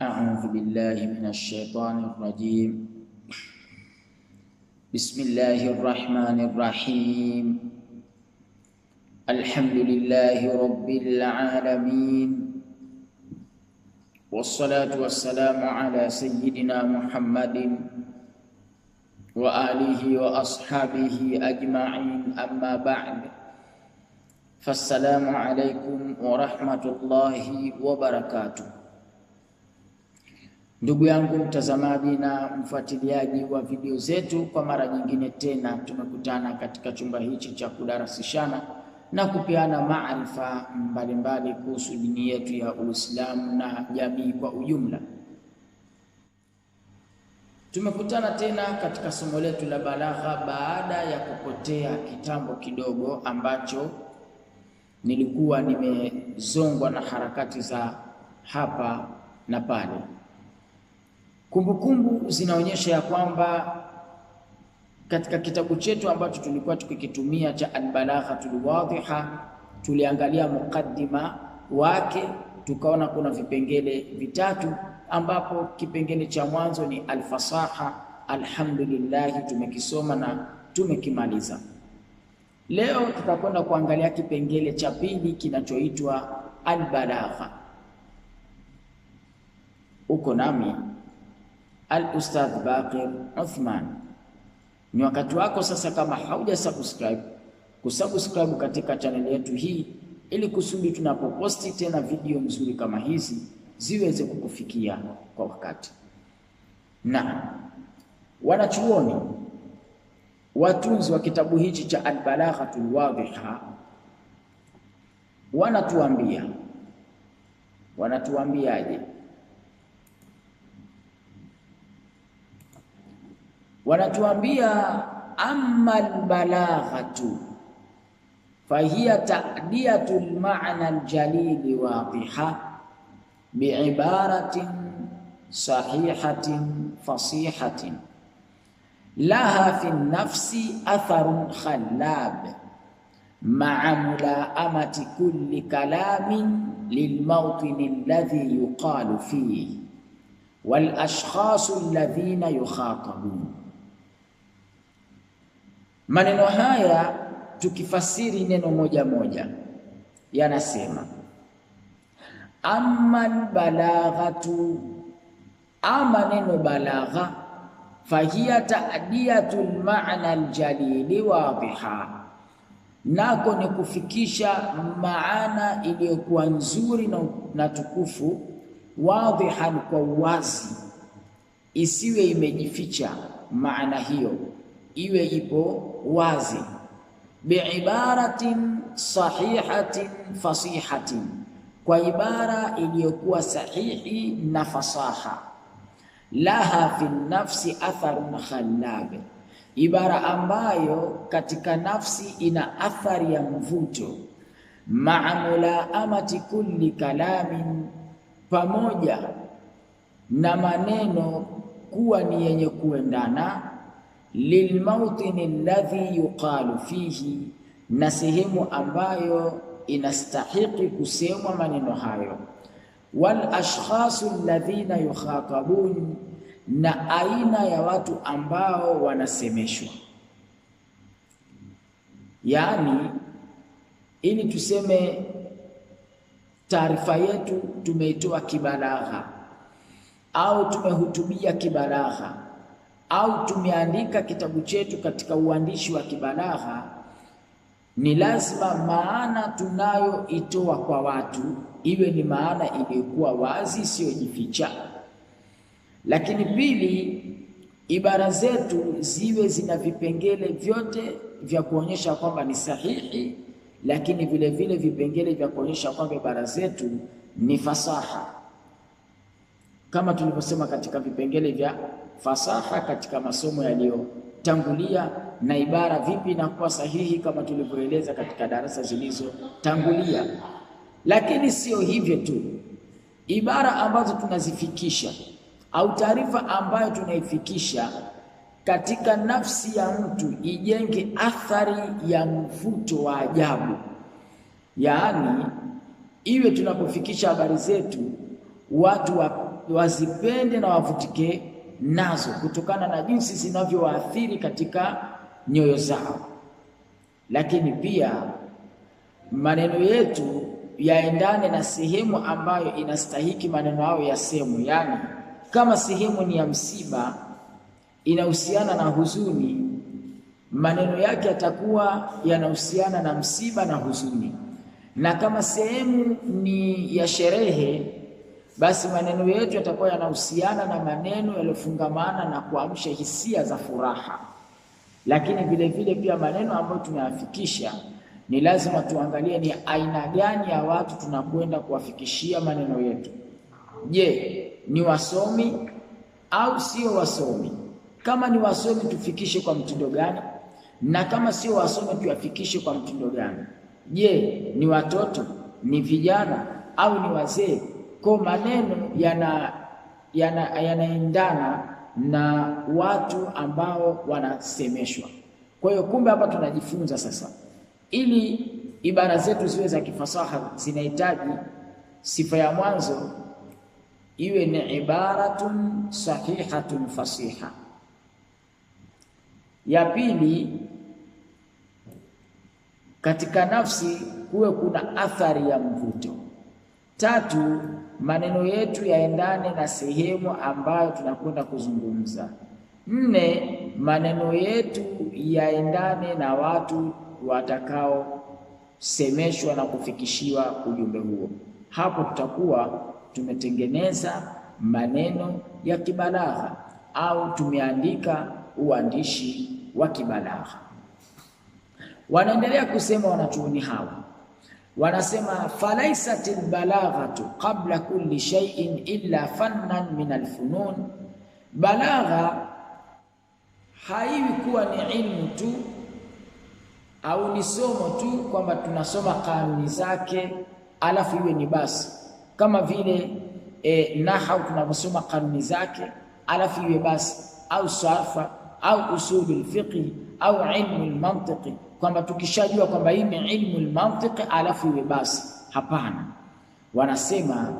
أعوذ بالله من الشيطان الرجيم بسم الله الرحمن الرحيم الحمد لله رب العالمين والصلاة والسلام على سيدنا محمد وآله وأصحابه أجمعين أما بعد فالسلام عليكم ورحمة الله وبركاته Ndugu yangu mtazamaji na mfuatiliaji wa video zetu, kwa mara nyingine tena tumekutana katika chumba hichi cha kudarasishana na kupeana maarifa mbalimbali kuhusu dini yetu ya Uislamu na jamii kwa ujumla. Tumekutana tena katika somo letu la balagha baada ya kupotea kitambo kidogo ambacho nilikuwa nimezongwa na harakati za hapa na pale. Kumbukumbu zinaonyesha ya kwamba katika kitabu chetu ambacho tulikuwa tukikitumia cha Albalaghatul Wadhiha tuliangalia mukaddima wake, tukaona kuna vipengele vitatu, ambapo kipengele cha mwanzo ni alfasaha. Alhamdulillah, tumekisoma na tumekimaliza. Leo tutakwenda kuangalia kipengele cha pili kinachoitwa albalagha. Uko nami? Al-Ustadh Baqir Uthman. Ni wakati wako sasa, kama hauja subscribe kusubscribe katika chaneli yetu hii, ili kusudi tunapoposti tena video nzuri kama hizi ziweze kukufikia kwa wakati. Na wanachuoni watunzi wa kitabu hichi cha Albalaghatul Wadhiha wanatuambia wanatuambiaje? wanatuambia amma albalaghatu fahiya ta'diyatu almaana aljalili wadiha biibaratin sahihatin fasihatin laha fi nafsi atharun khallab maa mulaamati kulli kalamin للموطن alladhi yuqalu fihi والأشخاص الذين يخاطبون Maneno haya tukifasiri neno moja moja yanasema amal balaghatu, ama neno balagha, fahiya taadiyatu ma'na ljalili wadhiha nako ni kufikisha maana iliyokuwa nzuri na tukufu, wadhihan, kwa uwazi, isiwe imejificha maana hiyo, iwe ipo wazi biibaratin sahihatin fasihatin, kwa ibara iliyokuwa sahihi na fasaha. Laha fi nafsi atharun khallab, ibara ambayo katika nafsi ina athari ya mvuto. Maa mulaamati kulli kalamin, pamoja na maneno kuwa ni yenye kuendana lilmautini alladhi yuqalu fihi, na sehemu ambayo inastahiki kusemwa maneno hayo. Wal ashkhasu alladhina yukhatabun, na aina ya watu ambao wanasemeshwa. Yaani, ili tuseme taarifa yetu tumeitoa kibalagha au tumehutubia kibalagha au tumeandika kitabu chetu katika uandishi wa kibalagha, ni lazima maana tunayoitoa kwa watu iwe ni maana iliyokuwa wazi, isiyojificha. Lakini pili, ibara zetu ziwe zina vipengele vyote vya kuonyesha kwamba ni sahihi, lakini vile vile vipengele vya kuonyesha kwamba ibara zetu ni fasaha kama tulivyosema katika vipengele vya fasaha katika masomo yaliyotangulia, na ibara vipi na sahihi kama tulivyoeleza katika darasa zilizotangulia. Lakini sio hivyo tu, ibara ambazo tunazifikisha au taarifa ambayo tunaifikisha katika nafsi ya mtu ijenge athari ya mvuto wa ajabu, yaani iwe tunapofikisha habari zetu watu wa wazipende na wavutike nazo kutokana na jinsi zinavyowaathiri katika nyoyo zao. Lakini pia maneno yetu yaendane na sehemu ambayo inastahiki maneno hayo yasemwe, yaani kama sehemu ni ya msiba, inahusiana na huzuni, maneno yake yatakuwa yanahusiana na msiba na huzuni, na kama sehemu ni ya sherehe basi maneno yetu yatakuwa yanahusiana na maneno yaliyofungamana na kuamsha hisia za furaha. Lakini vile vile pia maneno ambayo tunayafikisha ni lazima tuangalie ni aina gani ya watu tunakwenda kuwafikishia maneno yetu. Je, ni wasomi au sio wasomi? Kama ni wasomi, tufikishe kwa mtindo gani? Na kama sio wasomi, tuyafikishe kwa mtindo gani? Je, ni watoto, ni vijana au ni wazee? Kwa maneno yana yanaendana na watu ambao wanasemeshwa. Kwa hiyo kumbe hapa tunajifunza sasa, ili ibara zetu ziwe za kifasaha zinahitaji sifa ya mwanzo iwe ni ibaratun sahihatun fasiha, ya pili katika nafsi kuwe kuna athari ya mvuto, tatu maneno yetu yaendane na sehemu ambayo tunakwenda kuzungumza. Nne, maneno yetu yaendane na watu watakaosemeshwa na kufikishiwa ujumbe huo. Hapo tutakuwa tumetengeneza maneno ya kibalagha au tumeandika uandishi wa kibalagha. Wanaendelea kusema wanachuoni hawa wanasema falaisat lbalaghatu qabla kulli shay'in illa fannan min alfunun, balagha haiwi kuwa ni ilmu tu au ni somo tu kwamba tunasoma kanuni zake alafu iwe ni basi, kama vile e, nahau tunavyosoma kanuni zake alafu iwe basi, au sarfa au usulul fiqh au ilmu almantiqi kwamba tukishajua kwamba hii ni ilmu almantiq alafu iwe basi. Hapana, wanasema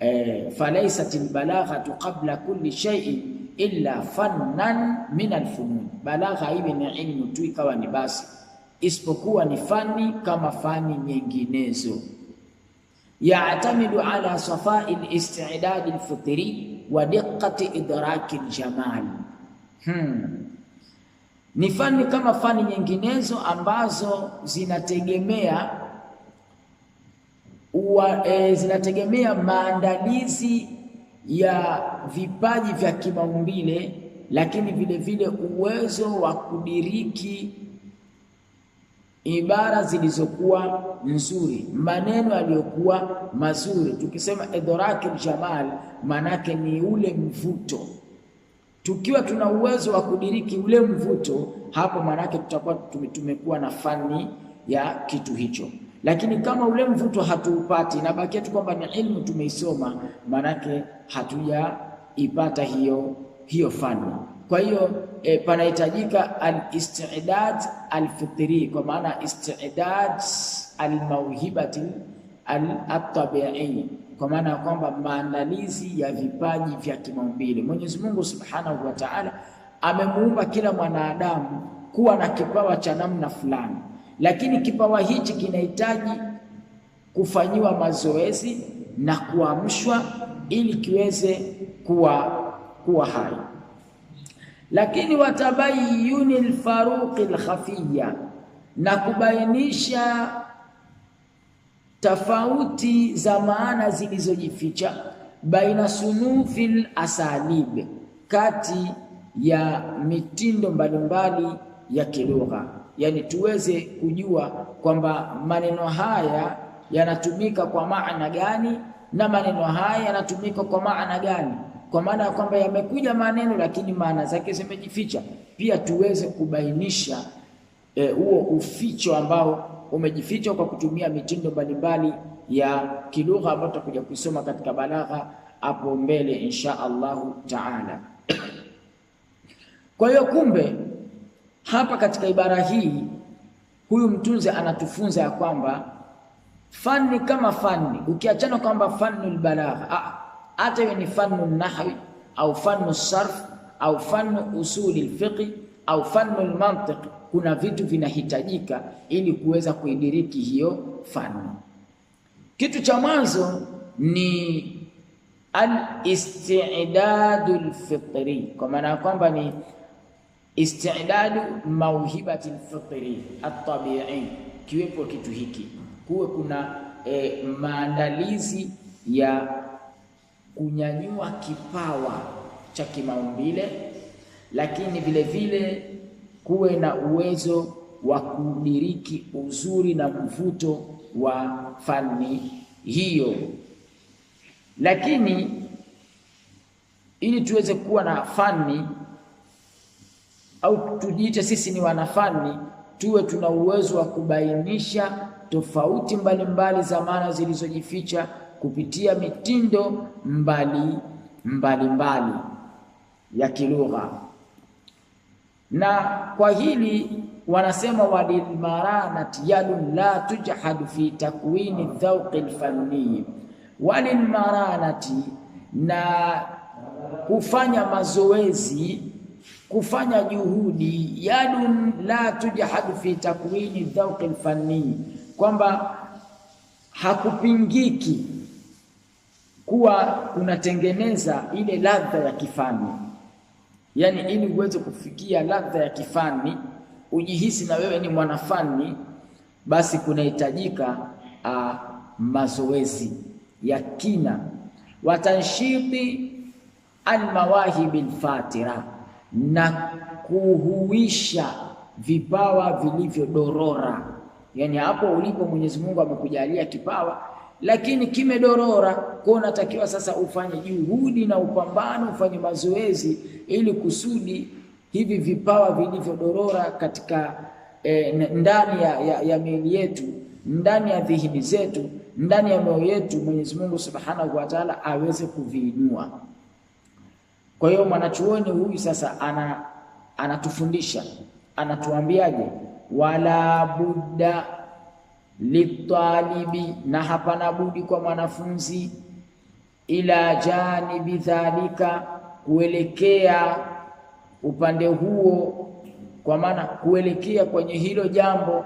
eh, falaisat albalaghatu qabla kulli shay'in illa fannan min alfunun, balagha iwe ni ilmu tu ikawa ni basi, isipokuwa ni fani kama fani nyinginezo. Yaatamidu ala safai alistidad alfitri wa diqqati idraki aljamal. hmm. Ni fani kama fani nyinginezo ambazo zinategemea uwa, e, zinategemea maandalizi ya vipaji vya kimaumbile, lakini vile vile uwezo wa kudiriki ibara zilizokuwa nzuri, maneno yaliyokuwa mazuri. Tukisema idrakul jamal, maanake ni ule mvuto Tukiwa tuna uwezo wa kudiriki ule mvuto, hapo maanake tutakuwa tumekuwa na fani ya kitu hicho. Lakini kama ule mvuto hatuupati, inabakia tu kwamba ni ilmu tumeisoma, maanake hatujaipata hiyo hiyo fani. Kwa hiyo e, panahitajika alistidad fitri kwa maana istidad almauhibati altabii kwa maana ya kwamba maandalizi ya vipaji vya kimaumbile. Mwenyezi Mungu Subhanahu wa Ta'ala amemuumba kila mwanadamu kuwa na kipawa cha namna fulani, lakini kipawa hichi kinahitaji kufanyiwa mazoezi na kuamshwa ili kiweze kuwa, kuwa hai. Lakini watabayyunil lfaruqi khafiya na kubainisha tofauti za maana zilizojificha baina sunufil asalib, kati ya mitindo mbalimbali ya kilugha, yani tuweze kujua kwamba maneno haya yanatumika kwa maana gani na maneno haya yanatumika kwa maana gani, kwa maana ya kwamba yamekuja maneno lakini maana zake zimejificha, pia tuweze kubainisha huo e, huo uficho ambao umejifichwa kwa kutumia mitindo mbalimbali ya kilugha ambayo tutakuja kuisoma katika balagha hapo mbele insha Allahu taala. Kwa hiyo kumbe, hapa katika ibara hii huyu mtunzi anatufunza ya kwamba fani kama fani, ukiachana kwamba fannul balagha, hata iwe ni fannu nahwi au fannu sarf au fannu usuli lfiqhi au fanul mantiq, kuna vitu vinahitajika ili kuweza kuidiriki hiyo fanu. Kitu cha mwanzo ni al al fitri, kwa maana ya kwamba ni istidadu mauhibati lfitri atabii, kiwepo kitu hiki, kuwe kuna e, maandalizi ya kunyanyua kipawa cha kimaumbile lakini vile vile kuwe na uwezo wa kudiriki uzuri na mvuto wa fani hiyo. Lakini ili tuweze kuwa na fani au tujiite sisi ni wanafani, tuwe tuna uwezo wa kubainisha tofauti mbalimbali mbali za maana zilizojificha kupitia mitindo mbali mbalimbali mbali ya kilugha na kwa hili wanasema walilmaranati yadun la tujhadu fi takwini dhauqi lfanniyi, walilmaranati na kufanya mazoezi, kufanya juhudi, yadun la tujhadu fi takwini dhauqi lfanniyi, kwamba hakupingiki kuwa kunatengeneza ile ladha ya kifani yani ili uweze kufikia ladha ya kifani, ujihisi na wewe ni mwanafani, basi kunahitajika mazoezi ya kina, watanshiti almawahibil fatira na kuhuisha vipawa vilivyodorora. Yani hapo ulipo, Mwenyezi Mungu amekujalia kipawa lakini kimedorora, kwa unatakiwa sasa ufanye juhudi na upambano, ufanye mazoezi ili kusudi hivi vipawa vilivyodorora katika e, ndani ya, ya, ya miili yetu ndani ya dhihini zetu ndani ya mioyo yetu Mwenyezi Mungu Subhanahu wa Ta'ala aweze kuviinua. Kwa hiyo mwanachuoni huyu sasa ana anatufundisha anatuambiaje, wala budda litalibi, na hapana budi kwa mwanafunzi, ila janibi dhalika, kuelekea upande huo, kwa maana kuelekea kwenye hilo jambo,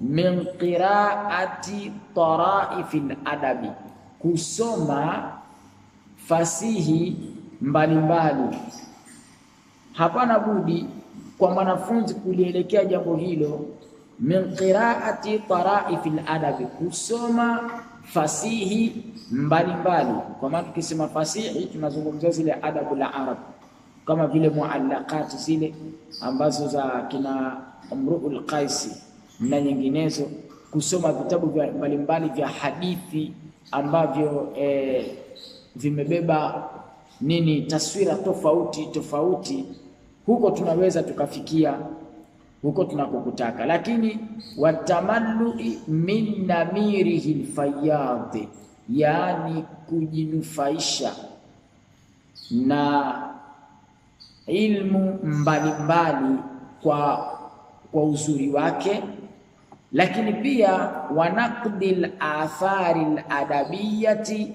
min qiraati taraifil adabi, kusoma fasihi mbalimbali Hapana budi kwa mwanafunzi kulielekea jambo hilo min qiraati taraifil ladabi, kusoma fasihi mbalimbali. Kwa maana tukisema fasihi tunazungumzia zile adabu la Arab, kama vile muallaqat zile ambazo za kina Imruul Qaisi na nyinginezo, kusoma vitabu mbalimbali vya hadithi ambavyo eh, vimebeba nini, taswira tofauti tofauti. Huko tunaweza tukafikia huko tunakokutaka, lakini watamallui min namirihi lfayadhi, yaani kujinufaisha na ilmu mbalimbali mbali kwa, kwa uzuri wake, lakini pia wanakdi lathari ladabiyati,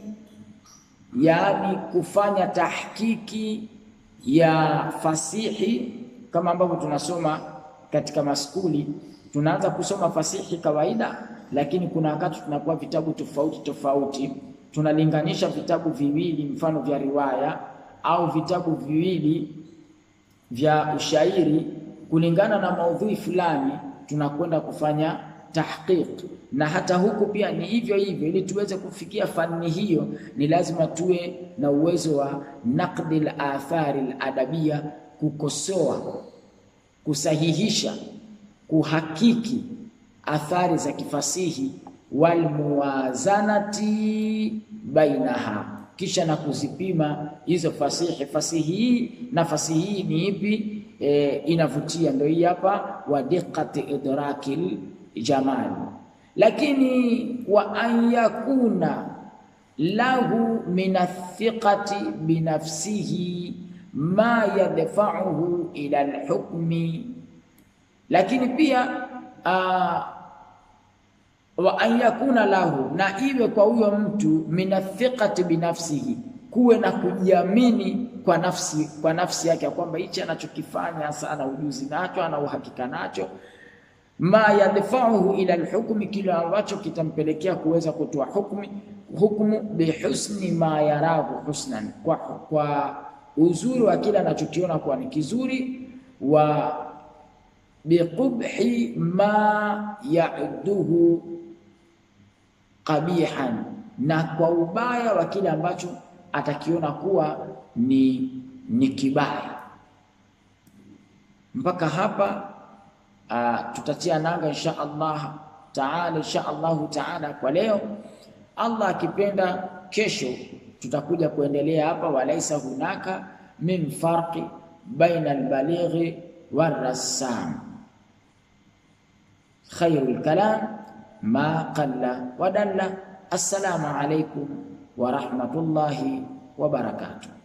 yaani kufanya tahkiki ya fasihi kama ambavyo tunasoma katika maskuli tunaanza kusoma fasihi kawaida, lakini kuna wakati tunakuwa vitabu tofauti tofauti, tunalinganisha vitabu viwili, mfano vya riwaya au vitabu viwili vya ushairi kulingana na maudhui fulani, tunakwenda kufanya tahqiq. Na hata huku pia ni hivyo hivyo, ili tuweze kufikia fani hiyo ni lazima tuwe na uwezo wa naqdil athari al adabia, kukosoa kusahihisha, kuhakiki athari za kifasihi walmuwazanati bainaha, kisha na kuzipima hizo fasihi. Fasihi hii na fasihi hii ni ipi? E, inavutia ndio hii hapa, wa diqqati idrakil jamal. Lakini wa an yakuna lahu min athiqati binafsihi ma yadfa'uhu ila alhukmi, lakini pia aa, ah, wa an yakuna lahu, na iwe kwa huyo mtu minathiqati binafsihi, kuwe na kujiamini kwa nafsi, kwa nafsi yake ya kwamba hichi anachokifanya hasa ana ujuzi nacho, ana uhakika nacho. Ma yadfa'uhu ila alhukmi, kile ambacho kitampelekea kuweza kutoa hukmu bihusni ma yarahu husnan, kwa, kwa uzuri wa kile anachokiona kuwa ni kizuri, wa biqubhi ma ya'duhu qabihan, na kwa ubaya wa kile ambacho atakiona kuwa ni, ni kibaya. Mpaka hapa uh, tutatia nanga insha Allah taala, insha Allahu taala kwa leo, Allah akipenda kesho tutakuja kuendelea hapa walaisa hunaka min farqi baina albalighi warassam khairu alkalam ma qalla wa dalla assalamu alaykum wa rahmatullahi wa barakatuh